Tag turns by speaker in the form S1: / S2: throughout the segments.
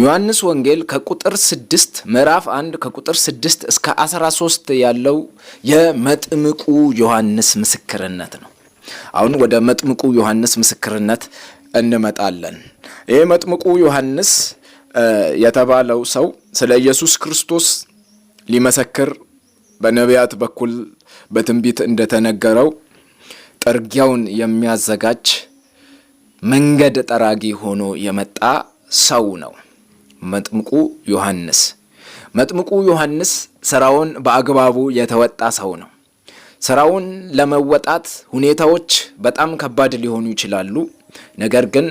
S1: ዮሐንስ ወንጌል ከቁጥር 6 ምዕራፍ 1 ከቁጥር 6 እስከ 13 ያለው የመጥምቁ ዮሐንስ ምስክርነት ነው። አሁን ወደ መጥምቁ ዮሐንስ ምስክርነት እንመጣለን። ይህ መጥምቁ ዮሐንስ የተባለው ሰው ስለ ኢየሱስ ክርስቶስ ሊመሰክር በነቢያት በኩል በትንቢት እንደተነገረው ጠርጊያውን የሚያዘጋጅ መንገድ ጠራጊ ሆኖ የመጣ ሰው ነው። መጥምቁ ዮሐንስ። መጥምቁ ዮሐንስ ስራውን በአግባቡ የተወጣ ሰው ነው። ስራውን ለመወጣት ሁኔታዎች በጣም ከባድ ሊሆኑ ይችላሉ። ነገር ግን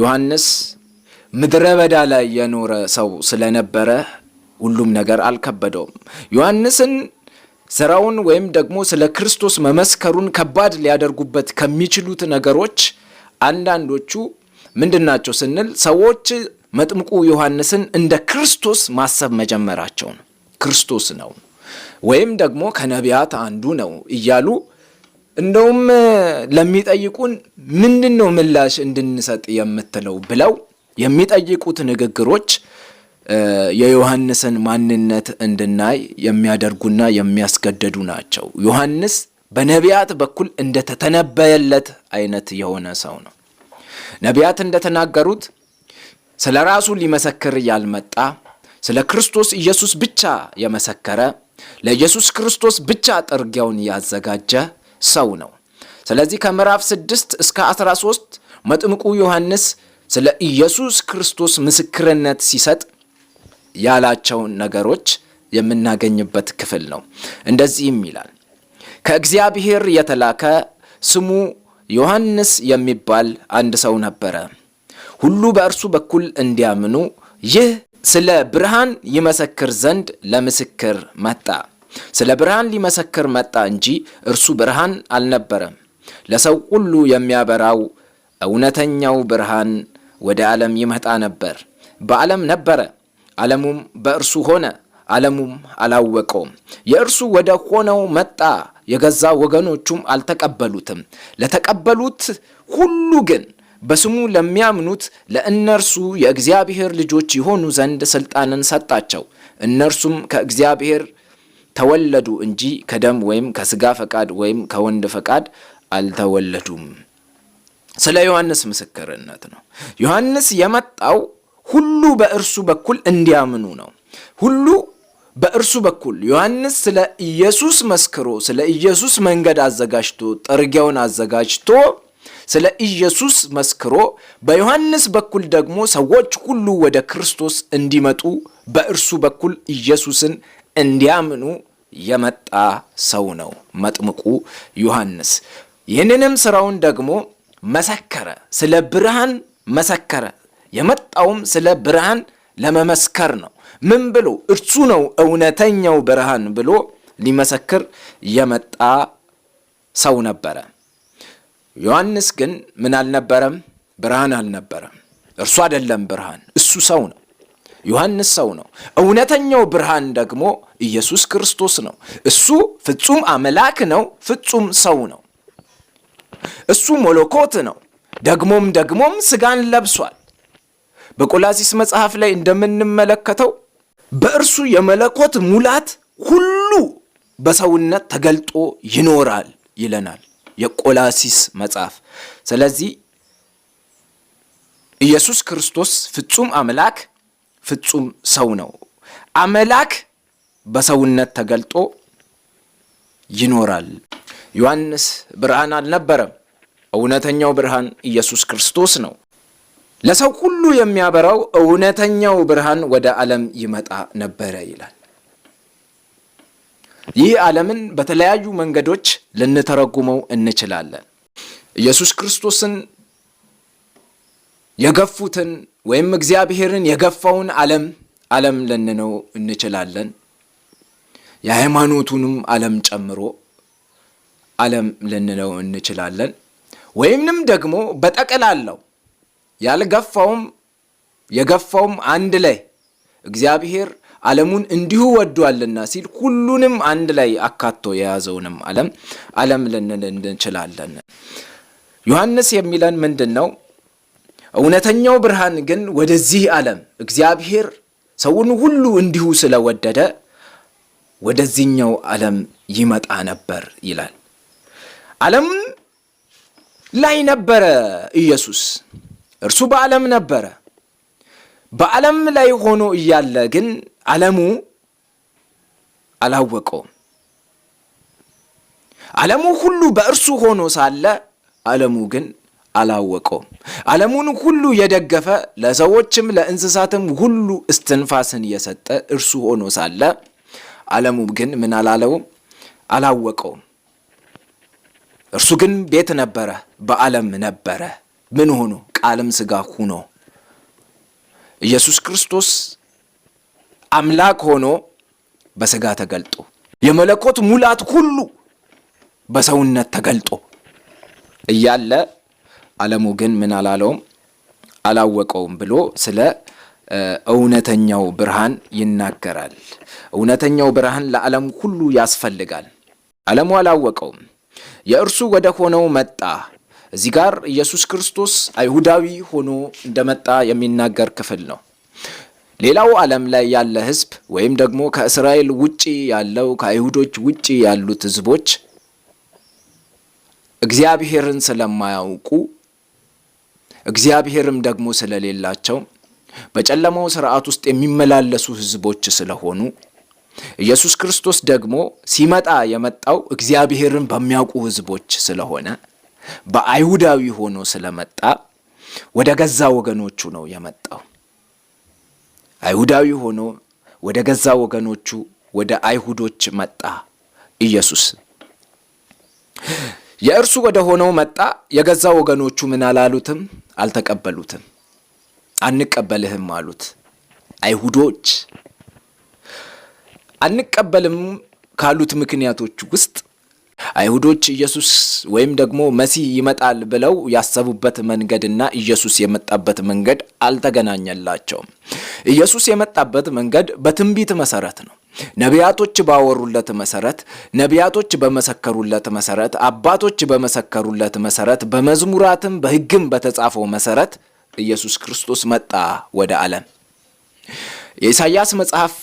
S1: ዮሐንስ ምድረ በዳ ላይ የኖረ ሰው ስለነበረ ሁሉም ነገር አልከበደውም። ዮሐንስን ስራውን ወይም ደግሞ ስለ ክርስቶስ መመስከሩን ከባድ ሊያደርጉበት ከሚችሉት ነገሮች አንዳንዶቹ ምንድን ናቸው ስንል ሰዎች መጥምቁ ዮሐንስን እንደ ክርስቶስ ማሰብ መጀመራቸው ነው። ክርስቶስ ነው ወይም ደግሞ ከነቢያት አንዱ ነው እያሉ እንደውም ለሚጠይቁን ምንድን ነው ምላሽ እንድንሰጥ የምትለው ብለው የሚጠይቁት ንግግሮች የዮሐንስን ማንነት እንድናይ የሚያደርጉና የሚያስገደዱ ናቸው። ዮሐንስ በነቢያት በኩል እንደተተነበየለት አይነት የሆነ ሰው ነው። ነቢያት እንደተናገሩት ስለ ራሱ ሊመሰክር ያልመጣ ስለ ክርስቶስ ኢየሱስ ብቻ የመሰከረ ለኢየሱስ ክርስቶስ ብቻ ጥርጊያውን ያዘጋጀ ሰው ነው። ስለዚህ ከምዕራፍ 6 እስከ 13 መጥምቁ ዮሐንስ ስለ ኢየሱስ ክርስቶስ ምስክርነት ሲሰጥ ያላቸውን ነገሮች የምናገኝበት ክፍል ነው። እንደዚህም ይላል ከእግዚአብሔር የተላከ ስሙ ዮሐንስ የሚባል አንድ ሰው ነበረ። ሁሉ በእርሱ በኩል እንዲያምኑ ይህ ስለ ብርሃን ይመሰክር ዘንድ ለምስክር መጣ። ስለ ብርሃን ሊመሰክር መጣ እንጂ እርሱ ብርሃን አልነበረም። ለሰው ሁሉ የሚያበራው እውነተኛው ብርሃን ወደ ዓለም ይመጣ ነበር። በዓለም ነበረ፣ ዓለሙም በእርሱ ሆነ፣ ዓለሙም አላወቀውም። የእርሱ ወደ ሆነው መጣ፣ የገዛ ወገኖቹም አልተቀበሉትም። ለተቀበሉት ሁሉ ግን በስሙ ለሚያምኑት ለእነርሱ የእግዚአብሔር ልጆች ይሆኑ ዘንድ ስልጣንን ሰጣቸው። እነርሱም ከእግዚአብሔር ተወለዱ እንጂ ከደም ወይም ከስጋ ፈቃድ ወይም ከወንድ ፈቃድ አልተወለዱም። ስለ ዮሐንስ ምስክርነት ነው። ዮሐንስ የመጣው ሁሉ በእርሱ በኩል እንዲያምኑ ነው። ሁሉ በእርሱ በኩል ዮሐንስ ስለ ኢየሱስ መስክሮ ስለ ኢየሱስ መንገድ አዘጋጅቶ ጥርጊያውን አዘጋጅቶ ስለ ኢየሱስ መስክሮ በዮሐንስ በኩል ደግሞ ሰዎች ሁሉ ወደ ክርስቶስ እንዲመጡ በእርሱ በኩል ኢየሱስን እንዲያምኑ የመጣ ሰው ነው መጥምቁ ዮሐንስ። ይህንንም ስራውን ደግሞ መሰከረ። ስለ ብርሃን መሰከረ። የመጣውም ስለ ብርሃን ለመመስከር ነው። ምን ብሎ እርሱ ነው እውነተኛው ብርሃን ብሎ ሊመሰክር የመጣ ሰው ነበረ። ዮሐንስ ግን ምን አልነበረም? ብርሃን አልነበረም። እርሱ አይደለም ብርሃን፣ እሱ ሰው ነው። ዮሐንስ ሰው ነው። እውነተኛው ብርሃን ደግሞ ኢየሱስ ክርስቶስ ነው። እሱ ፍጹም አምላክ ነው፣ ፍጹም ሰው ነው። እሱ ሞሎኮት ነው። ደግሞም ደግሞም ስጋን ለብሷል። በቆላሲስ መጽሐፍ ላይ እንደምንመለከተው በእርሱ የመለኮት ሙላት ሁሉ በሰውነት ተገልጦ ይኖራል ይለናል። የቆላሲስ መጽሐፍ። ስለዚህ ኢየሱስ ክርስቶስ ፍጹም አምላክ ፍጹም ሰው ነው። አምላክ በሰውነት ተገልጦ ይኖራል። ዮሐንስ ብርሃን አልነበረም። እውነተኛው ብርሃን ኢየሱስ ክርስቶስ ነው። ለሰው ሁሉ የሚያበራው እውነተኛው ብርሃን ወደ ዓለም ይመጣ ነበረ ይላል። ይህ ዓለምን በተለያዩ መንገዶች ልንተረጉመው እንችላለን። ኢየሱስ ክርስቶስን የገፉትን ወይም እግዚአብሔርን የገፋውን ዓለም ዓለም ልንነው እንችላለን። የሃይማኖቱንም ዓለም ጨምሮ ዓለም ልንለው እንችላለን። ወይምንም ደግሞ በጠቅላላው ያልገፋውም የገፋውም አንድ ላይ እግዚአብሔር ዓለሙን እንዲሁ ወዷልና ሲል ሁሉንም አንድ ላይ አካቶ የያዘውንም ዓለም ዓለም ልንል እንችላለን። ዮሐንስ የሚለን ምንድን ነው? እውነተኛው ብርሃን ግን ወደዚህ ዓለም እግዚአብሔር ሰውን ሁሉ እንዲሁ ስለወደደ ወደዚህኛው ዓለም ይመጣ ነበር ይላል። ዓለም ላይ ነበረ ኢየሱስ፣ እርሱ በዓለም ነበረ። በዓለም ላይ ሆኖ እያለ ግን ዓለሙ አላወቀውም። ዓለሙ ሁሉ በእርሱ ሆኖ ሳለ ዓለሙ ግን አላወቀውም። ዓለሙን ሁሉ የደገፈ ለሰዎችም ለእንስሳትም ሁሉ እስትንፋስን የሰጠ እርሱ ሆኖ ሳለ ዓለሙ ግን ምን አላለውም? አላወቀውም። እርሱ ግን ቤት ነበረ፣ በዓለም ነበረ። ምን ሆኖ? ቃልም ስጋ ሁኖ ኢየሱስ ክርስቶስ አምላክ ሆኖ በስጋ ተገልጦ የመለኮት ሙላት ሁሉ በሰውነት ተገልጦ እያለ ዓለሙ ግን ምን አላለውም አላወቀውም ብሎ ስለ እውነተኛው ብርሃን ይናገራል። እውነተኛው ብርሃን ለዓለም ሁሉ ያስፈልጋል። ዓለሙ አላወቀውም፣ የእርሱ ወደ ሆነው መጣ። እዚህ ጋር ኢየሱስ ክርስቶስ አይሁዳዊ ሆኖ እንደመጣ የሚናገር ክፍል ነው። ሌላው ዓለም ላይ ያለ ህዝብ ወይም ደግሞ ከእስራኤል ውጪ ያለው ከአይሁዶች ውጪ ያሉት ህዝቦች እግዚአብሔርን ስለማያውቁ እግዚአብሔርም ደግሞ ስለሌላቸው በጨለማው ስርዓት ውስጥ የሚመላለሱ ህዝቦች ስለሆኑ ኢየሱስ ክርስቶስ ደግሞ ሲመጣ የመጣው እግዚአብሔርን በሚያውቁ ህዝቦች ስለሆነ በአይሁዳዊ ሆኖ ስለመጣ ወደ ገዛ ወገኖቹ ነው የመጣው። አይሁዳዊ ሆኖ ወደ ገዛ ወገኖቹ ወደ አይሁዶች መጣ። ኢየሱስ የእርሱ ወደ ሆነው መጣ። የገዛ ወገኖቹ ምን አላሉትም፣ አልተቀበሉትም። አንቀበልህም አሉት አይሁዶች። አንቀበልም ካሉት ምክንያቶች ውስጥ አይሁዶች ኢየሱስ ወይም ደግሞ መሲህ ይመጣል ብለው ያሰቡበት መንገድና ኢየሱስ የመጣበት መንገድ አልተገናኘላቸውም። ኢየሱስ የመጣበት መንገድ በትንቢት መሰረት ነው። ነቢያቶች ባወሩለት መሰረት፣ ነቢያቶች በመሰከሩለት መሰረት፣ አባቶች በመሰከሩለት መሰረት፣ በመዝሙራትም በሕግም በተጻፈው መሰረት ኢየሱስ ክርስቶስ መጣ ወደ ዓለም። የኢሳይያስ መጽሐፍ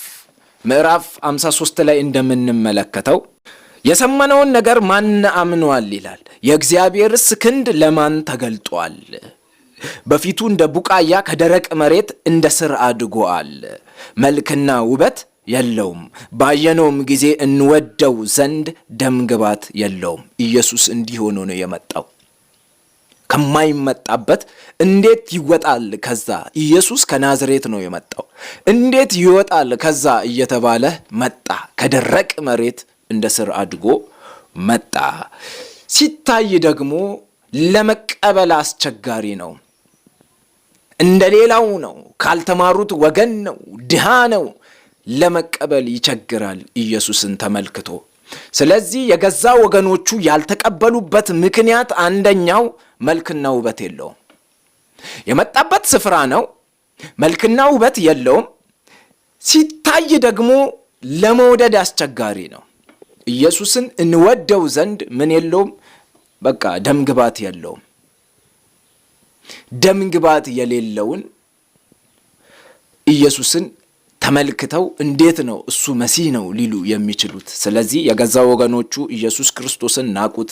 S1: ምዕራፍ 53 ላይ እንደምንመለከተው የሰማነውን ነገር ማን አምኗል ይላል። የእግዚአብሔርስ ክንድ ለማን ተገልጧል? በፊቱ እንደ ቡቃያ ከደረቅ መሬት እንደ ስር አድጎአል። መልክና ውበት የለውም፣ ባየነውም ጊዜ እንወደው ዘንድ ደምግባት የለውም። ኢየሱስ እንዲህ ሆኖ ነው የመጣው። ከማይመጣበት እንዴት ይወጣል ከዛ? ኢየሱስ ከናዝሬት ነው የመጣው። እንዴት ይወጣል ከዛ እየተባለ መጣ ከደረቅ መሬት እንደ ስር አድጎ መጣ። ሲታይ ደግሞ ለመቀበል አስቸጋሪ ነው። እንደ ሌላው ነው። ካልተማሩት ወገን ነው። ድሃ ነው። ለመቀበል ይቸግራል ኢየሱስን ተመልክቶ። ስለዚህ የገዛ ወገኖቹ ያልተቀበሉበት ምክንያት አንደኛው መልክና ውበት የለውም። የመጣበት ስፍራ ነው፣ መልክና ውበት የለውም። ሲታይ ደግሞ ለመውደድ አስቸጋሪ ነው። ኢየሱስን እንወደው ዘንድ ምን የለውም፣ በቃ ደም ግባት የለውም። ደም ግባት የሌለውን ኢየሱስን ተመልክተው እንዴት ነው እሱ መሲህ ነው ሊሉ የሚችሉት? ስለዚህ የገዛ ወገኖቹ ኢየሱስ ክርስቶስን ናቁት፣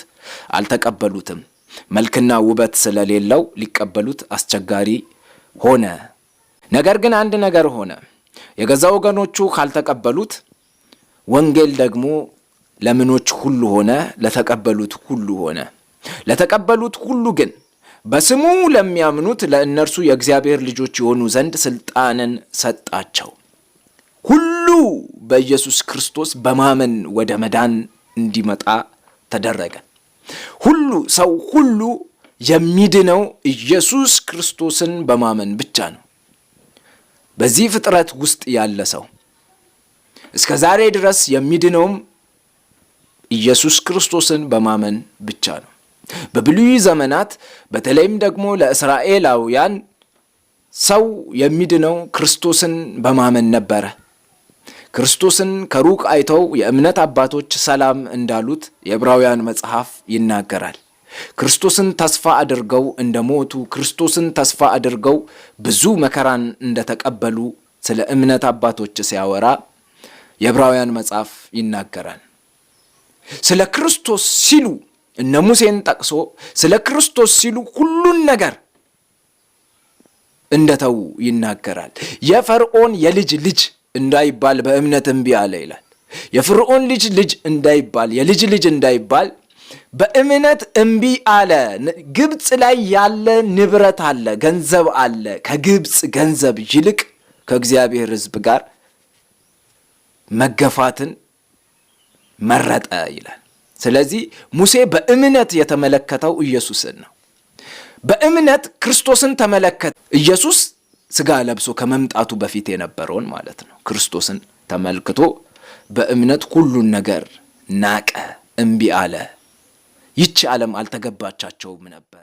S1: አልተቀበሉትም። መልክና ውበት ስለሌለው ሊቀበሉት አስቸጋሪ ሆነ። ነገር ግን አንድ ነገር ሆነ። የገዛ ወገኖቹ ካልተቀበሉት ወንጌል ደግሞ ለምኖች ሁሉ ሆነ፣ ለተቀበሉት ሁሉ ሆነ። ለተቀበሉት ሁሉ ግን በስሙ ለሚያምኑት ለእነርሱ የእግዚአብሔር ልጆች የሆኑ ዘንድ ስልጣንን ሰጣቸው። ሁሉ በኢየሱስ ክርስቶስ በማመን ወደ መዳን እንዲመጣ ተደረገ። ሁሉ ሰው ሁሉ የሚድነው ኢየሱስ ክርስቶስን በማመን ብቻ ነው። በዚህ ፍጥረት ውስጥ ያለ ሰው እስከ ዛሬ ድረስ የሚድነውም ኢየሱስ ክርስቶስን በማመን ብቻ ነው። በብሉይ ዘመናት በተለይም ደግሞ ለእስራኤላውያን ሰው የሚድነው ክርስቶስን በማመን ነበረ። ክርስቶስን ከሩቅ አይተው የእምነት አባቶች ሰላም እንዳሉት የዕብራውያን መጽሐፍ ይናገራል። ክርስቶስን ተስፋ አድርገው እንደሞቱ፣ ክርስቶስን ተስፋ አድርገው ብዙ መከራን እንደተቀበሉ ስለ እምነት አባቶች ሲያወራ የዕብራውያን መጽሐፍ ይናገራል። ስለ ክርስቶስ ሲሉ እነ ሙሴን ጠቅሶ ስለ ክርስቶስ ሲሉ ሁሉን ነገር እንደተዉ ይናገራል። የፈርዖን የልጅ ልጅ እንዳይባል በእምነት እምቢ አለ ይላል። የፍርዖን ልጅ ልጅ እንዳይባል የልጅ ልጅ እንዳይባል በእምነት እምቢ አለ። ግብፅ ላይ ያለ ንብረት አለ፣ ገንዘብ አለ። ከግብፅ ገንዘብ ይልቅ ከእግዚአብሔር ሕዝብ ጋር መገፋትን መረጠ ይላል። ስለዚህ ሙሴ በእምነት የተመለከተው ኢየሱስን ነው። በእምነት ክርስቶስን ተመለከተ። ኢየሱስ ስጋ ለብሶ ከመምጣቱ በፊት የነበረውን ማለት ነው። ክርስቶስን ተመልክቶ በእምነት ሁሉን ነገር ናቀ፣ እምቢ አለ። ይቺ ዓለም አልተገባቻቸውም ነበር።